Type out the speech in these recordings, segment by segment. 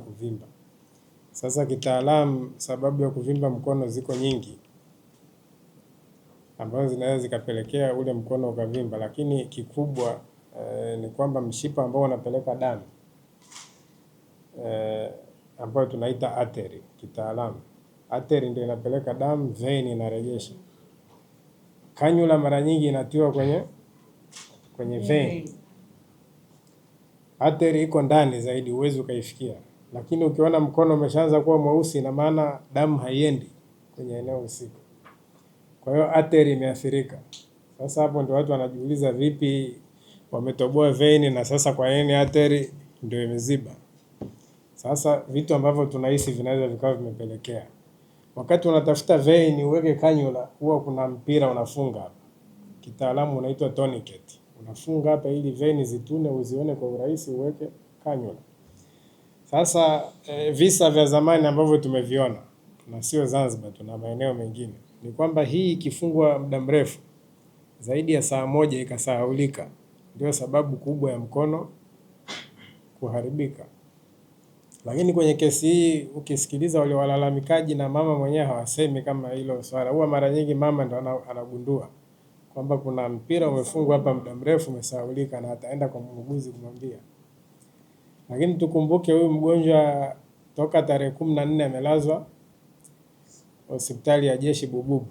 Kuvimba. Sasa kitaalamu sababu ya kuvimba mkono ziko nyingi ambazo zinaweza zikapelekea ule mkono ukavimba, lakini kikubwa e, ni kwamba mshipa ambao unapeleka damu e, ambayo tunaita artery kitaalamu. Artery ndio inapeleka damu, vein inarejesha. Kanyula mara nyingi inatiwa kwenye kwenye vein. Artery iko ndani zaidi, huwezi ukaifikia lakini ukiona mkono umeshaanza kuwa mweusi, na maana damu haiendi kwenye eneo husika, kwa hiyo ateri imeathirika. Sasa hapo ndio watu wanajiuliza, vipi wametoboa veini na sasa kwa nini ateri ndio imeziba? Sasa vitu ambavyo tunahisi vinaweza vikawa vimepelekea. Wakati unatafuta veini uweke kanyula, huwa kuna mpira unafunga hapa, kitaalamu unaitwa tourniquet, unafunga hapa ili veini zitune, uzione kwa urahisi, uweke kanyula. Sasa eh, visa vya zamani ambavyo tumeviona na sio Zanzibar, tuna maeneo mengine, ni kwamba hii ikifungwa muda mrefu zaidi ya saa moja ikasahaulika, ndio sababu kubwa ya mkono kuharibika. Lakini kwenye kesi hii ukisikiliza wale walalamikaji na mama mwenyewe hawasemi kama hilo swala. Huwa mara nyingi mama ndo anagundua kwamba kuna mpira umefungwa hapa muda mrefu umesahaulika, na ataenda kwa muuguzi kumwambia. Lakini tukumbuke huyu mgonjwa toka tarehe kumi na nne amelazwa hospitali ya jeshi Bububu,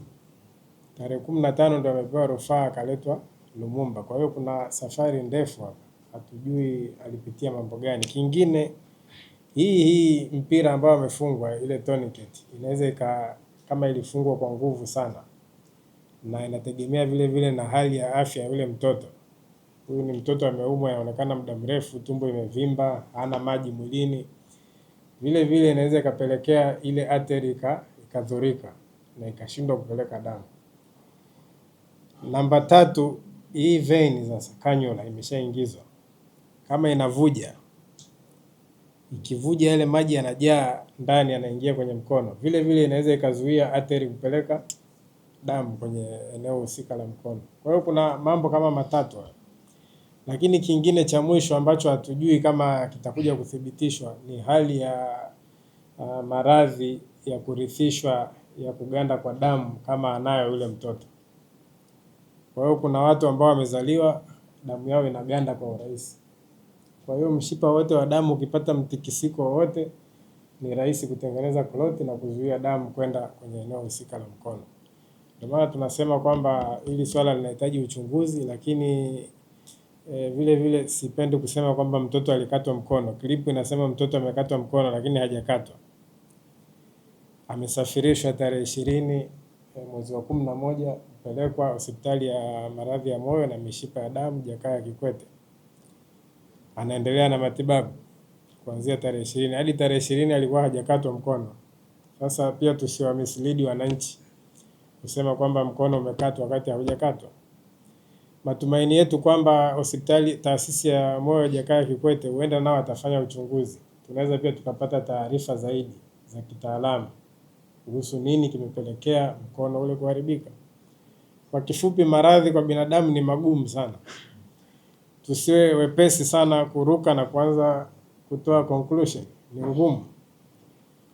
tarehe kumi na tano ndio amepewa rufaa akaletwa Lumumba. Kwa hiyo kuna safari ndefu hapa, hatujui alipitia mambo gani. Kingine hii hii mpira ambayo amefungwa ile tourniquet inaweza ika kama ilifungwa kwa nguvu sana, na inategemea vile vile na hali ya afya ya yule mtoto huyu ni mtoto ameumwa, inaonekana muda mrefu, tumbo imevimba, hana maji mwilini. Vile vile inaweza ikapelekea ile ateri ikadhurika na ikashindwa kupeleka damu. Namba tatu, hii vein sasa kanyola imeshaingizwa, kama inavuja, ikivuja yale maji yanajaa ndani, yanaingia kwenye mkono. Vile vile inaweza ikazuia ateri kupeleka damu kwenye eneo husika la mkono. Kwa hiyo kuna mambo kama matatu haya. Lakini kingine cha mwisho ambacho hatujui kama kitakuja kuthibitishwa ni hali ya uh, maradhi ya kurithishwa ya kuganda kwa damu kama anayo yule mtoto. Kwa hiyo kuna watu ambao wamezaliwa damu yao inaganda kwa urahisi. Kwa hiyo mshipa wote wa damu ukipata mtikisiko wowote, ni rahisi kutengeneza kloti na kuzuia damu kwenda kwenye eneo husika la mkono. Ndio maana tunasema kwamba hili swala linahitaji uchunguzi, lakini E, Vile vile sipendi kusema kwamba mtoto alikatwa mkono. Klipu inasema mtoto amekatwa mkono lakini hajakatwa. Amesafirishwa tarehe ishirini e, mwezi wa kumi na moja kupelekwa hospitali ya maradhi ya moyo na mishipa ya damu Jakaya Kikwete. Anaendelea na matibabu kuanzia tarehe ishirini hadi tarehe ishirini alikuwa hajakatwa mkono. Sasa pia tusiwamislead wananchi kusema kwamba mkono umekatwa wakati haujakatwa matumaini yetu kwamba hospitali taasisi ya moyo Jakaya Kikwete huenda nao watafanya uchunguzi, tunaweza pia tukapata taarifa zaidi za kitaalamu kuhusu nini kimepelekea mkono ule kuharibika. Kwa kifupi, maradhi kwa binadamu ni magumu sana, tusiwe wepesi sana kuruka na kuanza kutoa conclusion, ni ngumu.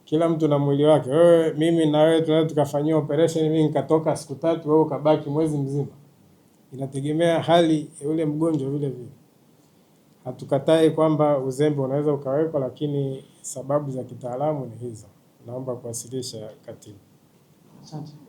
Kila mtu na mwili wake. Wewe, mimi na wewe tunaweza tukafanyia operation, mimi nikatoka siku tatu, wewe ukabaki mwezi mzima inategemea hali ya yule mgonjwa vile vile. Hatukatai kwamba uzembe unaweza ukawekwa, lakini sababu za kitaalamu ni hizo. Naomba kuwasilisha katibu. Asante.